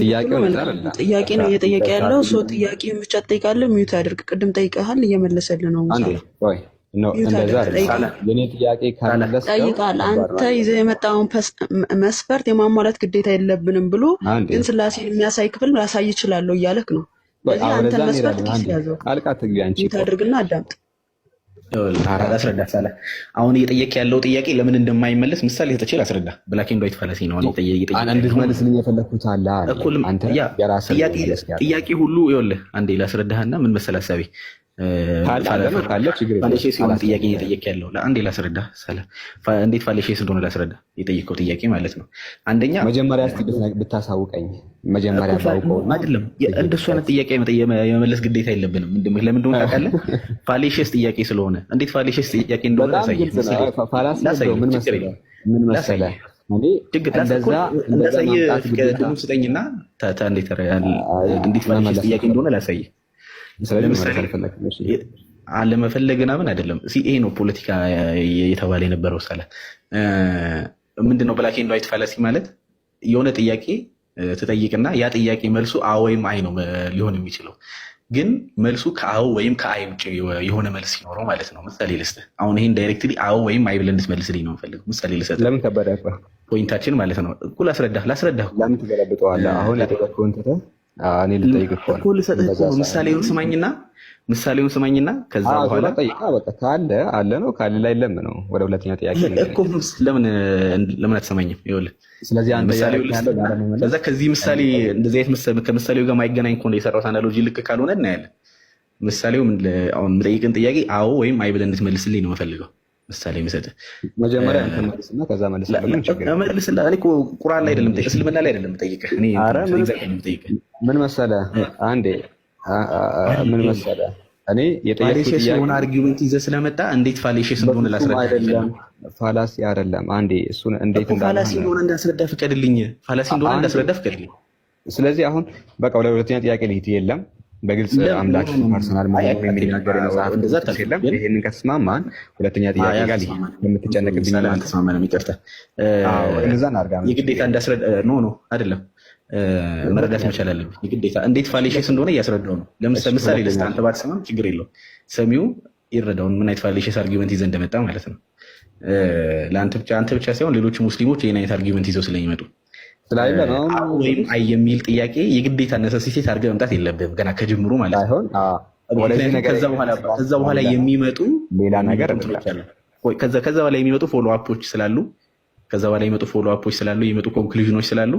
ጥያቄ ነው እየጠየቀ ያለው ሰው ጥያቄ ብቻ ትጠይቃለህ። ሚዩት አድርግ። ቅድም ጠይቀሃል፣ እየመለሰልህ ነው። ጠይቃል አንተ ይዘህ የመጣውን መስፈርት የማሟላት ግዴታ የለብንም ብሎ ግን ስላሴን የሚያሳይ ክፍል ላሳይ ይችላለሁ እያለክ ነው። ስለዚህ አንተን መስፈርት ያዘው አድርግና አዳምጥ። አስረዳ ሳለ አሁን እየጠየቅ ያለው ጥያቄ ለምን እንደማይመለስ ምሳሌ ሰጥቼ አስረዳ። ብላክ ኤንድ ዋይት ፈለሲ ነው እንድትመልስልኝ የፈለግኩት አለ ጥያቄ ሁሉ ይኸውልህ፣ አንዴ ላስረዳህና ምን መሰል ሀሳቤ ፋሌሼ ሲሆን ጥያቄ እየጠየቅ ያለው ለአንዴ ላስረዳ። እንዴት ፋሌሼ ስለሆነ ላስረዳ። የጠየቀው ጥያቄ ማለት ነው። አንደኛ መጀመሪያ ብታሳውቀኝ፣ መጀመሪያ አይደለም እንደሱ አይነት ጥያቄ የመመለስ ግዴታ የለብንም። ለምን ደሆነ ታውቃለህ? ፋሌሼስ ጥያቄ ስለሆነ እንዴት ፋሌሼስ ጥያቄ እንደሆነ ምን መሰለህ ስጠኝና እንዴት ፋሌሼስ ጥያቄ እንደሆነ ላሳይህ አለመፈለግ ምናምን አይደለም። ይሄ ነው ፖለቲካ የተባለ የነበረው ሳለ ምንድነው ብላክ ኤንድ ዋይት ፋላሲ ማለት የሆነ ጥያቄ ትጠይቅና ያ ጥያቄ መልሱ አዎ ወይም አይ ነው ሊሆን የሚችለው ግን መልሱ ከአዎ ወይም ከአይ ውጭ የሆነ መልስ ሲኖረው ማለት ነው። ምሳሌ ልስጥ። አሁን ይህን ዳይሬክትሊ አዎ ወይም አይ ብለን እንድትመልስልኝ ነው የምፈልገው። ምሳሌ ልስጥህ። ለምን ከበደ ፖይንታችን ማለት ነው እኩል አስረዳህ ላስረዳህ ለምን ትገለብጠዋለህ አሁን እኔ ልጠይቅ ምሳሌውን ስማኝና ምሳሌውን ስማኝና ከዛ በኋላ ጠይቃ በቃ ካለ አለ ነው ካለ ላይ ለም ነው። ወደ ሁለተኛ ጥያቄ ለምን አትሰማኝም? ይኸውልህ ስለዚህ ከዛ ከዚህ ምሳሌ እንደዚህ ዓይነት ከምሳሌው ጋር ማይገናኝ ከሆነ የሰራት አናሎጂ ልክ ካልሆነ እናያለን። ምሳሌው አሁን የምጠይቅን ጥያቄ አዎ ወይም አይ ብለህ እንድትመልስልኝ ነው የምፈልገው። ምሳሌ የምሰጥህ መጀመሪያ መልስና ከዛ እኔ ቁርአን ላይ አይደለም እስልምና ላይ አይደለም ጠይቀህ ምን አንዴ ምን እኔ የጠየቅኩት የሆነ አርጊመንት ይዘህ ስለመጣ እንዴት ፋሌሽስ እንደሆነ ፋላሲ አይደለም አንዴ እሱን እንዴት ፋላሲ እንደሆነ እንዳስረዳ ፍቀድልኝ። ፋላሲ እንደሆነ እንዳስረዳ ፍቀድልኝ። ስለዚህ አሁን በቃ ሁለተኛ ጥያቄ ልሂድ። የለም በግልጽ አምላክ ፐርሶናል መሆኑን የሚናገር መጽሐፍ ቅዱስ የለም። ይህንን ከተስማማን ሁለተኛ ጥያቄ ጋር የምትጨነቅብኝ እንደዛ እናድርግ። የግዴታ እንዳስረዳ ኖ ኖ አይደለም መረዳት መቻል አለብኝ። የግዴታ እንዴት ፋሌሽስ እንደሆነ እያስረዳው ነው። ለምሳሌ ልስጥ፣ አንተ ባትሰማም ችግር የለው ሰሚው ይረዳውን ምን አይነት ፋሌሽስ አርጊመንት ይዘ እንደመጣ ማለት ነው። ለአንተ ብቻ ሳይሆን ሌሎች ሙስሊሞች ይህን አይነት አርጊመንት ይዘው ስለሚመጡ ወይም አይ የሚል ጥያቄ የግዴታ ነሰሲሴት አድርገህ መምጣት የለብህም ገና ከጅምሩ ማለት ነው። ከዛ በኋላ የሚመጡ ሌላ ነገር ከዛ በኋላ የሚመጡ ፎሎ አፖች ስላሉ ከዛ በኋላ የመጡ ፎሎ አፖች ስላሉ የመጡ ኮንክሉዥኖች ስላሉ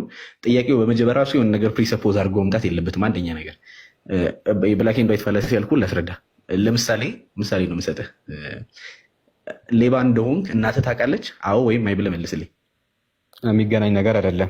ጥያቄው በመጀመሪያ ራሱ የሆነ ነገር ፕሪሰፖዝ አድርጎ መምጣት የለበትም። አንደኛ ነገር ብላኬን ባይት ዋይት ፋላሲ ላስረዳ። ለምሳሌ ምሳሌ ነው የምሰጥህ። ሌባ እንደሆንክ እናትህ ታውቃለች? አዎ ወይም አይ ብለህ መልስልኝ። የሚገናኝ ነገር አይደለም።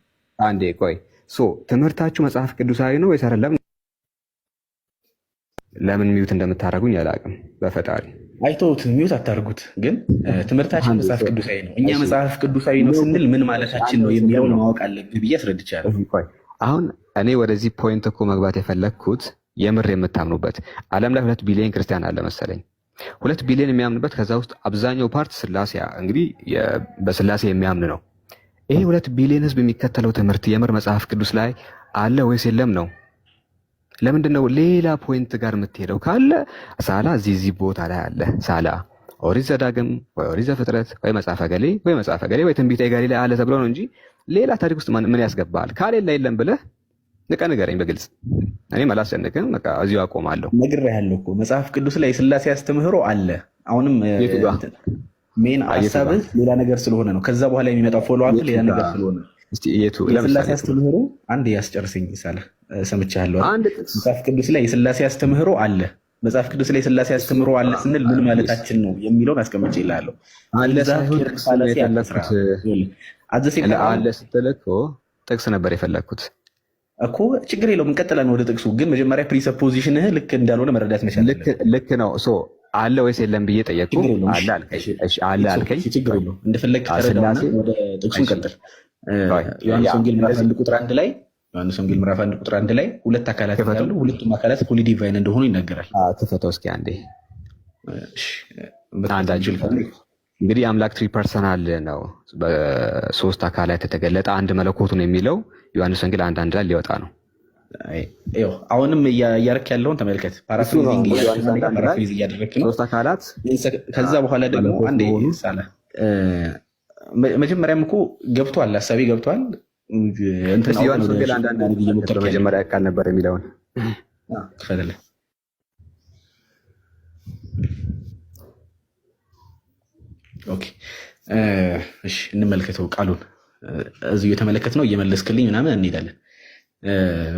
አንዴ ቆይ ትምህርታችሁ መጽሐፍ ቅዱሳዊ ነው ወይስ አይደለም? ለምን ሚዩት እንደምታደርጉኝ አላውቅም። በፈጣሪ አይተውት ሚዩት አታርጉት። ግን ትምህርታችን መጽሐፍ ቅዱሳዊ ነው። እኛ መጽሐፍ ቅዱሳዊ ነው ስንል ምን ማለታችን ነው የሚለውን ማወቅ አለብህ ብዬ አስረድቻለሁ። አሁን እኔ ወደዚህ ፖይንት እኮ መግባት የፈለግኩት የምር የምታምኑበት ዓለም ላይ ሁለት ቢሊዮን ክርስቲያን አለ መሰለኝ ሁለት ቢሊዮን የሚያምንበት ከዛ ውስጥ አብዛኛው ፓርት ስላሴ እንግዲህ በስላሴ የሚያምን ነው ይሄ ሁለት ቢሊዮን ህዝብ የሚከተለው ትምህርት የምር መጽሐፍ ቅዱስ ላይ አለ ወይስ የለም ነው። ለምንድን ነው ሌላ ፖይንት ጋር የምትሄደው? ካለ ሳላ እዚህ እዚህ ቦታ ላይ አለ ሳላ ኦሪት ዘዳግም ወይ ኦሪት ዘፍጥረት ወይ መጽሐፈ ገሌ ወይ መጽሐፈ ገሌ ወይ ትንቢተ ገሌ ላይ አለ ተብሎ ነው እንጂ ሌላ ታሪክ ውስጥ ምን ያስገባል? ካሌላ የለም ብለህ ንቀ ንገረኝ በግልጽ እኔ አላስጨንቅም። በቃ እዚሁ አቆማለሁ። ነግሬሃለሁ እኮ መጽሐፍ ቅዱስ ላይ ስላሴ አስተምህሮ አለ። አሁንም ሜን አሳብህ ሌላ ነገር ስለሆነ ነው። ከዛ በኋላ የሚመጣው ፎሎ አፕ ሌላ ነገር ስለሆነ የስላሴ አስተምህሮ አንድ ያስጨርሰኝ ሳለ ሰምቻለሁ። መጽሐፍ ቅዱስ ላይ የስላሴ አስተምህሮ አለ። መጽሐፍ ቅዱስ ላይ የስላሴ አስተምህሮ አለ ስንል ምን ማለታችን ነው የሚለውን አስቀምጭ ይላለሁ። አለ ጥቅስ ነበር የፈለግኩት እኮ ችግር የለውም እንቀጥላለን ወደ ጥቅሱ። ግን መጀመሪያ ፕሪሰፖዚሽንህ ልክ እንዳልሆነ መረዳት መቻል ልክ ነው። አለ ወይስ የለም ብዬ ጠየቅኩ። አለ አልከኝ። ችግር እንደፈለግ ወደ ጥቅሱን ቀጥል። ዮሐንስ ወንጌል ምዕራፍ አንድ ቁጥር አንድ ላይ ዮሐንስ ወንጌል ምዕራፍ አንድ ቁጥር አንድ ላይ ሁለት አካላት ያሉ ሁለቱም አካላት ሆሊ ዲቫይን እንደሆኑ ይናገራል። ክፈተው እስኪ አንዴ። እንግዲህ አምላክ ትሪ ፐርሰናል ነው፣ በሶስት አካላት የተገለጠ አንድ መለኮቱ ነው የሚለው ዮሐንስ ወንጌል አንድ አንድ ላይ ሊወጣ ነው አሁንም እያረክ ያለውን ተመልከት። ፓራፍሪዝ አካላት ከዛ በኋላ ደግሞ አንድ ሳለ መጀመሪያም እኮ ገብቷል፣ አሳቢ ገብቷል። መጀመሪያ ቃል ነበር የሚለውን እንመልከተው። ቃሉን እዚሁ የተመለከት ነው እየመለስክልኝ ምናምን እንሄዳለን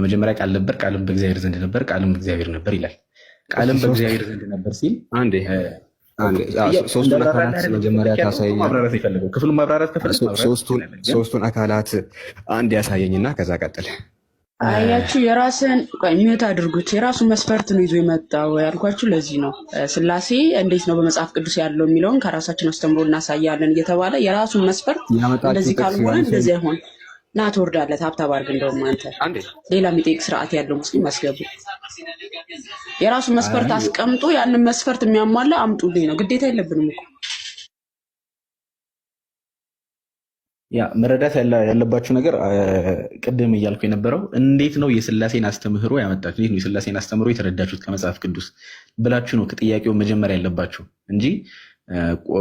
መጀመሪያ ቃል ነበር፣ ቃልም በእግዚአብሔር ዘንድ ነበር፣ ቃልም እግዚአብሔር ነበር ይላል። ቃልም በእግዚአብሔር ዘንድ ነበር ሲል ሶስቱን አካላት መጀመሪያ ታሳየኛለህ። ክፍሉን ማብራራት ከፈለግ ሶስቱን አካላት አንድ ያሳየኝና ከዛ ቀጥል። አያችሁ የራስን ሚወት አድርጉት። የራሱን መስፈርት ነው ይዞ የመጣው ያልኳችሁ ለዚህ ነው። ስላሴ እንዴት ነው በመጽሐፍ ቅዱስ ያለው የሚለውን ከራሳችን አስተምሮ እናሳያለን እየተባለ የራሱን መስፈርት እንደዚህ ካልሆነ እንደዚህ አይሆን ና ትወርዳለህ። ሀብታብ አድርግ። እንደውም አንተ ሌላ የሚጠይቅ ስርዓት ያለው ሙስሊም አስገቡ። የራሱ መስፈርት አስቀምጦ ያንን መስፈርት የሚያሟላ አምጡልኝ ነው። ግዴታ የለብንም እኮ ያ መረዳት ያለባችሁ ነገር ቅድም እያልኩ የነበረው እንዴት ነው የስላሴን አስተምህሮ ያመጣችሁ፣ እንዴት ነው የስላሴን አስተምህሮ የተረዳችሁት ከመጽሐፍ ቅዱስ ብላችሁ ነው ከጥያቄው መጀመሪያ ያለባችሁ እንጂ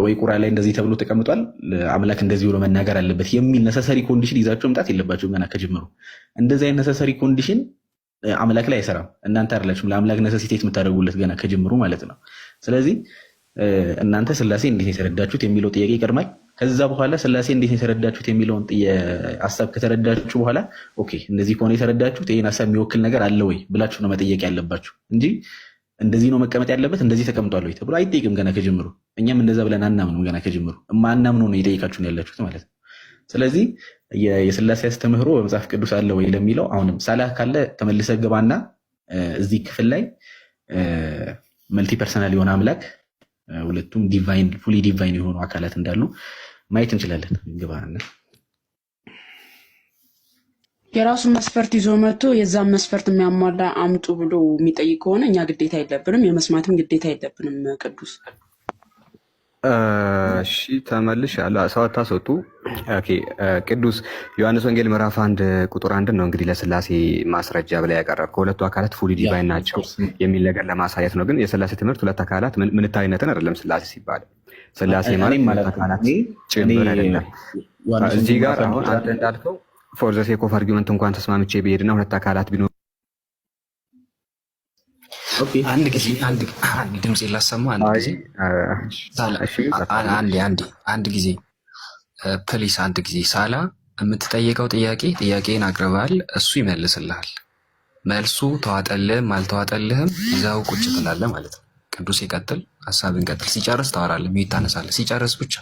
ወይ ቁራ ላይ እንደዚህ ተብሎ ተቀምጧል፣ አምላክ እንደዚህ ብሎ መናገር አለበት የሚል ነሰሰሪ ኮንዲሽን ይዛቸው መምጣት የለባቸው። ገና ከጀመሩ እንደዚህ አይነት ነሰሰሪ ኮንዲሽን አምላክ ላይ አይሰራም። እናንተ አላችሁም ለአምላክ ነሰሲቴት የምታደርጉለት ገና ከጀምሩ ማለት ነው። ስለዚህ እናንተ ስላሴ እንዴት ነው የተረዳችሁት የሚለው ጥያቄ ይቀድማል። ከዛ በኋላ ስላሴ እንዴት ነው የተረዳችሁት የሚለውን ሀሳብ ከተረዳችሁ በኋላ ኦኬ፣ እንደዚህ ከሆነ የተረዳችሁት ይህን ሀሳብ የሚወክል ነገር አለ ወይ ብላችሁ ነው መጠየቅ ያለባችሁ እንጂ እንደዚህ ነው መቀመጥ ያለበት፣ እንደዚህ ተቀምጧል ወይ ተብሎ አይጠይቅም ገና ከጅምሩ። እኛም እንደዛ ብለን አናምንም ገና ከጀምሩ። እማናምኑ ነው የጠይቃችሁን ያላችሁት ማለት ነው። ስለዚህ የስላሴ አስተምህሮ በመጽሐፍ ቅዱስ አለ ወይ ለሚለው አሁንም ሳላህ ካለ ተመልሰ ግባና እዚህ ክፍል ላይ መልቲ ፐርሰናል የሆነ አምላክ ሁለቱም ዲቫይን ፉሊ ዲቫይን የሆኑ አካላት እንዳሉ ማየት እንችላለን። ግባና የራሱን መስፈርት ይዞ መጥቶ የዛን መስፈርት የሚያሟላ አምጡ ብሎ የሚጠይቅ ከሆነ እኛ ግዴታ የለብንም፣ የመስማትም ግዴታ የለብንም። ቅዱስ እሺ፣ ተመልሻለሁ። ሰው አታስወጡ። ቅዱስ ዮሐንስ ወንጌል ምዕራፍ አንድ ቁጥር አንድ ነው እንግዲህ ለስላሴ ማስረጃ ብላ ያቀረብ ከሁለቱ አካላት ፉሊ ዲቫይን ናቸው የሚል ነገር ለማሳየት ነው። ግን የስላሴ ትምህርት ሁለት አካላት ምንታዊነትን አይደለም። ስላሴ ሲባል ስላሴ ማለት ሁለት አካላት ጭምር አይደለም። እዚህ ጋር አሁን አንተ እንዳልከው ፎር ዘ ሴክ ኦፍ አርጊመንት እንኳን ተስማምቼ ብሄድና ሁለት አካላት ቢኖሩ አንድ ጊዜ አንድ ድምፅ ላሰማ አንድ ጊዜ አንድ ጊዜ ፕሊስ አንድ ጊዜ ሳላ የምትጠየቀው ጥያቄ ጥያቄን አቅርበሃል፣ እሱ ይመልስልሃል። መልሱ ተዋጠልህም አልተዋጠልህም ይዛው ቁጭ ትላለህ ማለት ነው። ቅዱስ ይቀጥል፣ ሀሳብን ቀጥል። ሲጨርስ ታወራለህ፣ ሚዩት ታነሳለህ። ሲጨርስ ብቻ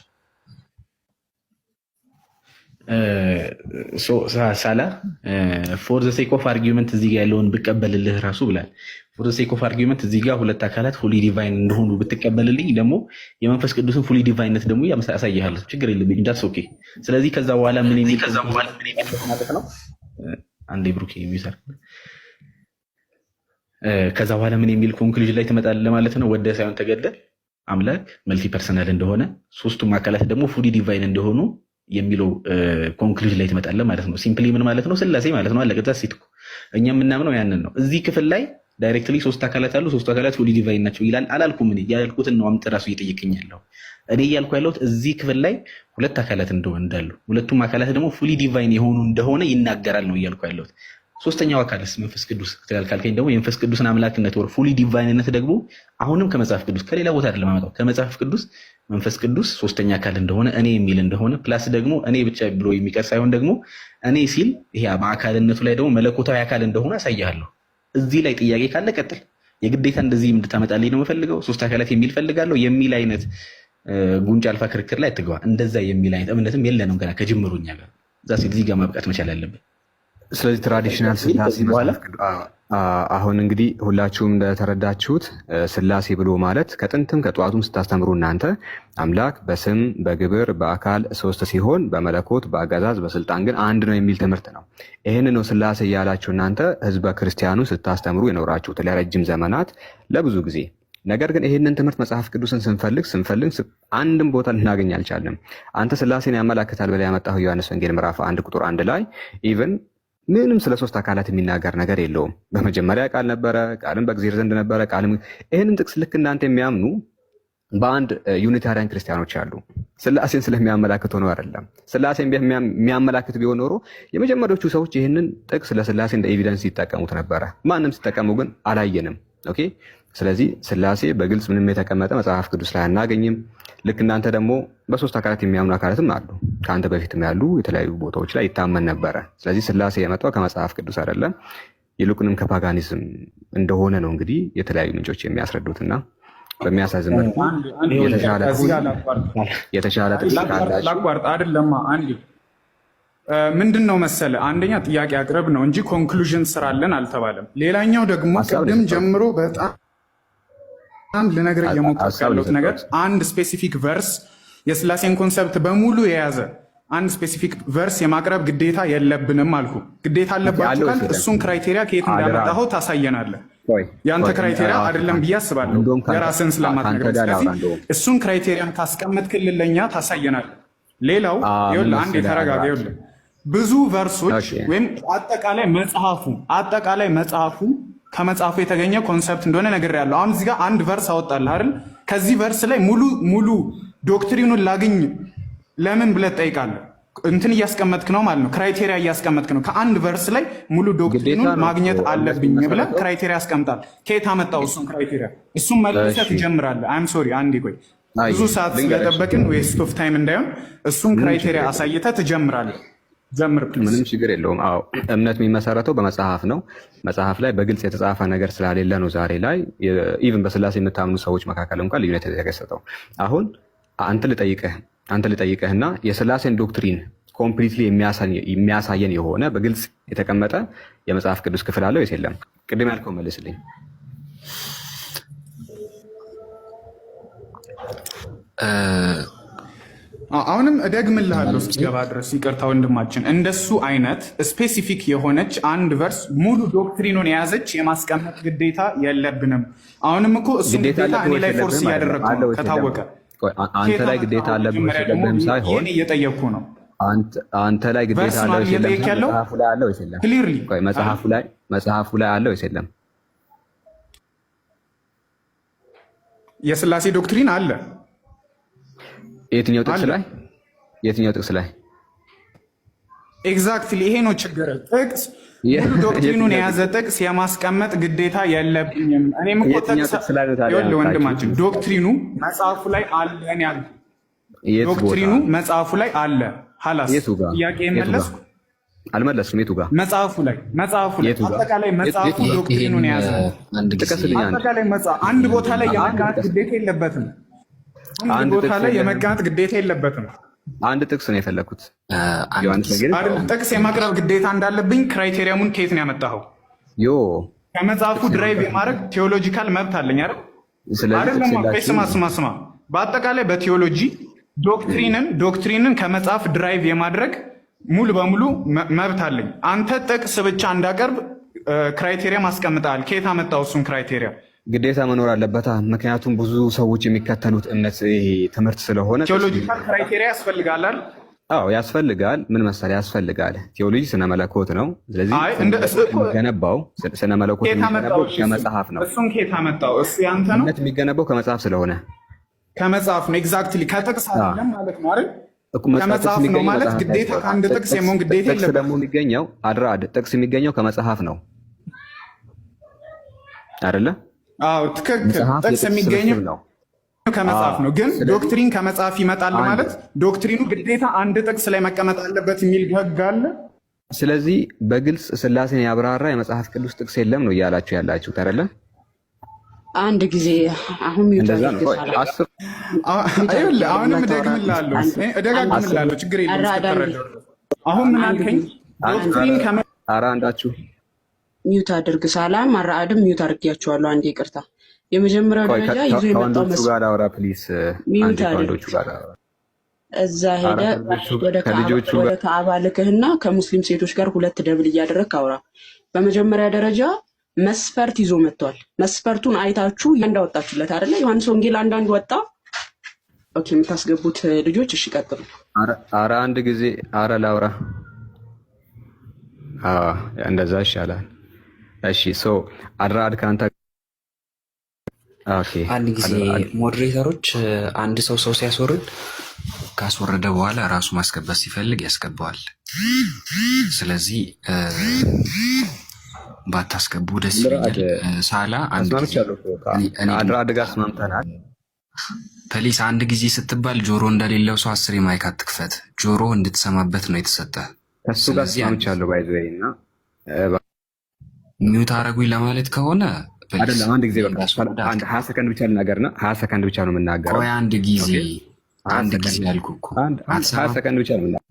ሳላ ፎር ዘ ሴክ ኦፍ አርጊመንት እዚህ ጋ ያለውን ብቀበልልህ ራሱ ብላል። ፎር ዘ ሴክ ኦፍ አርጊመንት እዚህ ጋ ሁለት አካላት ሁሊ ዲቫይን እንደሆኑ ብትቀበልልኝ ደግሞ የመንፈስ ቅዱስን ፉሊ ዲቫይነት ደግሞ ያሳይሃለሁ። ችግር የለብኝ። ዳስ ኦኬ። ስለዚህ ከዛ በኋላ ምን የሚል ነው? አንዴ ብሩክ የሚሰር ከዛ በኋላ ምን የሚል ኮንክሉዥን ላይ ትመጣለህ ማለት ነው? ወደ ሳይሆን ተገደ አምላክ መልቲ ፐርሰናል እንደሆነ ሶስቱም አካላት ደግሞ ፉሊ ዲቫይን እንደሆኑ የሚለው ኮንክሉዥን ላይ ትመጣለህ ማለት ነው። ሲምፕሊ ምን ማለት ነው? ስላሴ ማለት ነው። አለቀ። ዛት እኛ የምናምነው ያንን ነው። እዚህ ክፍል ላይ ዳይሬክትሊ ሶስት አካላት አሉ፣ ሶስቱ አካላት ሆሊ ዲቫይን ናቸው ይላል። አላልኩም እኔ ያልኩትን ነው። አምጥ ራሱ እየጠየቀኝ ያለው እኔ እያልኩ ያለሁት እዚህ ክፍል ላይ ሁለት አካላት እንደሆነ እንዳሉ፣ ሁለቱም አካላት ደግሞ ፉሊ ዲቫይን የሆኑ እንደሆነ ይናገራል ነው እያልኩ ያለሁት። ሶስተኛው አካልስ መንፈስ ቅዱስ ካልከኝ ደግሞ የመንፈስ ቅዱስን አምላክነት ወር ፉሊ ዲቫይንነት ደግሞ አሁንም ከመጽሐፍ ቅዱስ ከሌላ ቦታ አይደለም አመጣው ከመጽሐፍ ቅዱስ መንፈስ ቅዱስ ሶስተኛ አካል እንደሆነ እኔ የሚል እንደሆነ ፕላስ ደግሞ እኔ ብቻ ብሎ የሚቀር ሳይሆን ደግሞ እኔ ሲል ይሄ በአካልነቱ ላይ ደግሞ መለኮታዊ አካል እንደሆነ አሳያለሁ። እዚህ ላይ ጥያቄ ካለ ቀጥል። የግዴታ እንደዚህ እንድታመጣልኝ ነው የምፈልገው፣ ሶስት አካላት የሚል ፈልጋለሁ የሚል አይነት ጉንጭ አልፋ ክርክር ላይ አትግባ። እንደዛ የሚል አይነት እምነትም የለንም ገና ከጅምሩ እኛ ጋር እዛ እዚህ ጋር ማብቃት መቻል አለብን። ስለዚህ ትራዲሽናል ስላሴ አሁን እንግዲህ ሁላችሁም እንደተረዳችሁት ስላሴ ብሎ ማለት ከጥንትም ከጠዋቱም ስታስተምሩ እናንተ አምላክ በስም በግብር በአካል ሶስት ሲሆን በመለኮት በአገዛዝ በስልጣን ግን አንድ ነው የሚል ትምህርት ነው። ይህን ነው ስላሴ እያላችሁ እናንተ ህዝበ ክርስቲያኑ ስታስተምሩ የኖራችሁት ለረጅም ዘመናት ለብዙ ጊዜ። ነገር ግን ይህንን ትምህርት መጽሐፍ ቅዱስን ስንፈልግ ስንፈልግ አንድም ቦታ ልናገኝ አልቻለም። አንተ ስላሴን ያመላክታል ብለህ ያመጣኸው ዮሐንስ ወንጌል ምዕራፍ አንድ ቁጥር አንድ ላይ ኢቨን ምንም ስለ ሶስት አካላት የሚናገር ነገር የለውም። በመጀመሪያ ቃል ነበረ፣ ቃልም በእግዚአብሔር ዘንድ ነበረ፣ ቃልም ይህንን ጥቅስ ልክ እናንተ የሚያምኑ በአንድ ዩኒታሪያን ክርስቲያኖች አሉ። ስላሴን ስለሚያመላክት ሆኖ አይደለም። ስላሴን የሚያመላክት ቢሆን ኖሮ የመጀመሪያዎቹ ሰዎች ይህንን ጥቅስ ለስላሴ እንደ ኤቪደንስ ይጠቀሙት ነበረ። ማንም ሲጠቀሙ ግን አላየንም። ኦኬ ስለዚህ ስላሴ በግልጽ ምንም የተቀመጠ መጽሐፍ ቅዱስ ላይ አናገኝም። ልክ እናንተ ደግሞ በሶስት አካላት የሚያምኑ አካላትም አሉ። ከአንተ በፊትም ያሉ የተለያዩ ቦታዎች ላይ ይታመን ነበረ። ስለዚህ ስላሴ የመጣው ከመጽሐፍ ቅዱስ አይደለም፣ ይልቁንም ከፓጋኒዝም እንደሆነ ነው እንግዲህ የተለያዩ ምንጮች የሚያስረዱትና በሚያሳዝን መልኩ የተሻለ ጥቅስ ላቋርጥ አይደለማ አንድ ምንድን ነው መሰለ፣ አንደኛ ጥያቄ አቅርብ ነው እንጂ ኮንክሉዥን ስራለን አልተባለም። ሌላኛው ደግሞ ቅድም ጀምሮ በጣም አንድ ልነግርህ እየሞከርኩ ነገር አንድ ስፔሲፊክ ቨርስ የስላሴን ኮንሰፕት በሙሉ የያዘ አንድ ስፔሲፊክ ቨርስ የማቅረብ ግዴታ የለብንም አልኩ። ግዴታ አለባችሁ ካል እሱን ክራይቴሪያ ከየት እንዳመጣኸው ታሳየናለህ። የአንተ ክራይቴሪያ አይደለም ብዬ አስባለሁ፣ የራስን ስለማትነግረን። ስለዚህ እሱን ክራይቴሪያ ካስቀመጥክልን ለእኛ ታሳየናለህ። ሌላው ይኸውልህ፣ አንድ የተረጋጋ ይኸውልህ፣ ብዙ ቨርሶች ወይም አጠቃላይ መጽሐፉ አጠቃላይ መጽሐፉ ከመጽሐፉ የተገኘ ኮንሰፕት እንደሆነ ነገር ያለው አሁን እዚህ ጋር አንድ ቨርስ አወጣልህ አይደል? ከዚህ ቨርስ ላይ ሙሉ ሙሉ ዶክትሪኑን ላግኝ ለምን ብለህ ትጠይቃለህ። እንትን እያስቀመጥክ ነው ማለት ነው። ክራይቴሪያ እያስቀመጥክ ነው። ከአንድ ቨርስ ላይ ሙሉ ዶክትሪኑን ማግኘት አለብኝ ብለህ ክራይቴሪያ ያስቀምጣል። ከየት አመጣው እሱን ክራይቴሪያ? እሱም መልሰህ ትጀምራለህ። አይም ሶሪ አንዴ ቆይ፣ ብዙ ሰዓት ስለጠበቅን ዌስት ኦፍ ታይም እንዳይሆን እሱን ክራይቴሪያ አሳይተህ ትጀምራለህ። ምንም ችግር የለውም። አዎ እምነት የሚመሰረተው በመጽሐፍ ነው። መጽሐፍ ላይ በግልጽ የተጻፈ ነገር ስለሌለ ነው ዛሬ ላይ ኢቭን በስላሴ የምታምኑ ሰዎች መካከል እንኳን ልዩነት የተከሰተው። አሁን አንተ ልጠይቅህ አንተ እና የስላሴን ዶክትሪን ኮምፕሊትሊ የሚያሳየን የሆነ በግልጽ የተቀመጠ የመጽሐፍ ቅዱስ ክፍል አለው ወይስ የለም? ቅድም ያልከው መልስልኝ። አሁንም እደግምልሃለሁ እስኪገባ ድረስ ይቅርታ ወንድማችን፣ እንደሱ አይነት ስፔሲፊክ የሆነች አንድ ቨርስ ሙሉ ዶክትሪኑን የያዘች የማስቀመጥ ግዴታ የለብንም። አሁንም እኮ እሱ ግዴታ እኔ ላይ ፎርስ እያደረግኩ ነው። ከታወቀ አንተ ላይ ግዴታ አለብህ ሳይሆን እየጠየቅኩ ነው። አንተ ላይ ግዴታ አለው የለም፣ መጽሐፉ ላይ መጽሐፉ ላይ አለው የለም። የስላሴ ዶክትሪን አለ የትኛው ጥቅስ ላይ የትኛው ጥቅስ ላይ ኤግዛክትሊ ይሄ ነው ችግር። ጥቅስ ሙሉ ዶክትሪኑን የያዘ ጥቅስ የማስቀመጥ ግዴታ የለብኝም። እኔም እኮ ጥቅስ ወንድማችን ዶክትሪኑ መጽሐፉ ላይ አለን ያለ ዶክትሪኑ መጽሐፉ ላይ አለ። ሀላስ ጥያቄ መለስኩ አልመለስኩም። የቱ ጋር መጽሐፉ ላይ መጽሐፉ ላይ አጠቃላይ መጽሐፉ ዶክትሪኑን የያዘ አጠቃላይ መጽሐፍ አንድ ቦታ ላይ የመጋት ግዴታ የለበትም። አንድ ቦታ ላይ የመቀመጥ ግዴታ የለበትም። አንድ ጥቅስ ነው የፈለግኩት። ጥቅስ የማቅረብ ግዴታ እንዳለብኝ ክራይቴሪያሙን ከየት ነው ያመጣኸው? ዮ ከመጽሐፉ ድራይቭ የማድረግ ቴዎሎጂካል መብት አለኝ አይደል? ስማ ስማ ስማ፣ በአጠቃላይ በቴዎሎጂ ዶክትሪንን ዶክትሪንን ከመጽሐፍ ድራይቭ የማድረግ ሙሉ በሙሉ መብት አለኝ። አንተ ጥቅስ ብቻ እንዳቀርብ ክራይቴሪያ ማስቀምጠሃል። ከየት አመጣው እሱን ክራይቴሪያ? ግዴታ መኖር አለበታ። ምክንያቱም ብዙ ሰዎች የሚከተሉት እምነት ትምህርት ስለሆነ ቴዎሎጂካል ክራይቴሪያ ያስፈልጋላል። አዎ ያስፈልጋል። ምን መሰለህ ያስፈልጋል። ቴዎሎጂ ስነ መለኮት ነው። ስለዚህ የሚገነባው ስነ መለኮት ከመጽሐፍ ነው። እሱን ከየት አመጣው? እሱ ያንተ ነው። እምነት የሚገነባው ከመጽሐፍ ስለሆነ ከመጽሐፍ ነው። ኤግዛክትሊ ከጥቅስ አይደለም ማለት ነው አይደል? ከመጽሐፍ ነው ማለት ግዴታ ከአንድ ጥቅስ የመሆን ግዴታ ደግሞ የሚገኘው አድራድ ጥቅስ የሚገኘው ከመጽሐፍ ነው አይደለ? አዎ ትክክል። ጥቅስ የሚገኘው ከመጽሐፍ ነው። ግን ዶክትሪን ከመጽሐፍ ይመጣል ማለት ዶክትሪኑ ግዴታ አንድ ጥቅስ ላይ መቀመጥ አለበት የሚል ህግ አለ። ስለዚህ በግልጽ ስላሴን ያብራራ የመጽሐፍ ቅዱስ ጥቅስ የለም ነው እያላችሁ ያላችሁ ተረለ አንድ ጊዜ አሁን ይሁን አሁንም እደግምላለሁ እደጋግምላለሁ ችግር የለም። አሁን ምን አልከኝ? ዶክትሪን ከመ አራ አንዳችሁ ሚዩት አድርግ ሳላ አራአድም ሚዩት አድርጊያቸዋለሁ። አንድ ይቅርታ። የመጀመሪያው ደረጃ ይዞ የመጣው ሚዩት አድርግ እዛ ሄደ ወደ ከአባ ልክህና ከሙስሊም ሴቶች ጋር ሁለት ደብል እያደረግ አውራ። በመጀመሪያ ደረጃ መስፈርት ይዞ መጥቷል። መስፈርቱን አይታችሁ ወጣችሁለት አደለ? ዮሐንስ ወንጌል አንዳንድ ወጣ። ኦኬ፣ የምታስገቡት ልጆች እሺ፣ ቀጥሉ። አረ አንድ ጊዜ አረ ላውራ። እንደዛ ይሻላል። እሺ ሶ አድራድ ከአንተ አንድ ጊዜ ሞዴሬተሮች አንድ ሰው ሰው ሲያስወርድ ካስወረደ በኋላ ራሱ ማስገባት ሲፈልግ ያስገባዋል። ስለዚህ ባታስገቡ ደስ ይለኛል። ሳላ አድራአድ ጋር ስማምተናል። ፖሊስ አንድ ጊዜ ስትባል ጆሮ እንደሌለው ሰው አስር የማይክ አትክፈት። ጆሮ እንድትሰማበት ነው የተሰጠ። ከሱ ጋር ስማምቻለሁ እና ሚዩት አረጉኝ ለማለት ከሆነ አይደለም። አንድ ጊዜ ሀያ ሰከንድ ብቻ ልናገር ነው። ሀያ ሰከንድ ብቻ ነው የምናገረው። አንድ ጊዜ አንድ ጊዜ ያልኩህ እኮ ሀያ ሰከንድ ብቻ ነው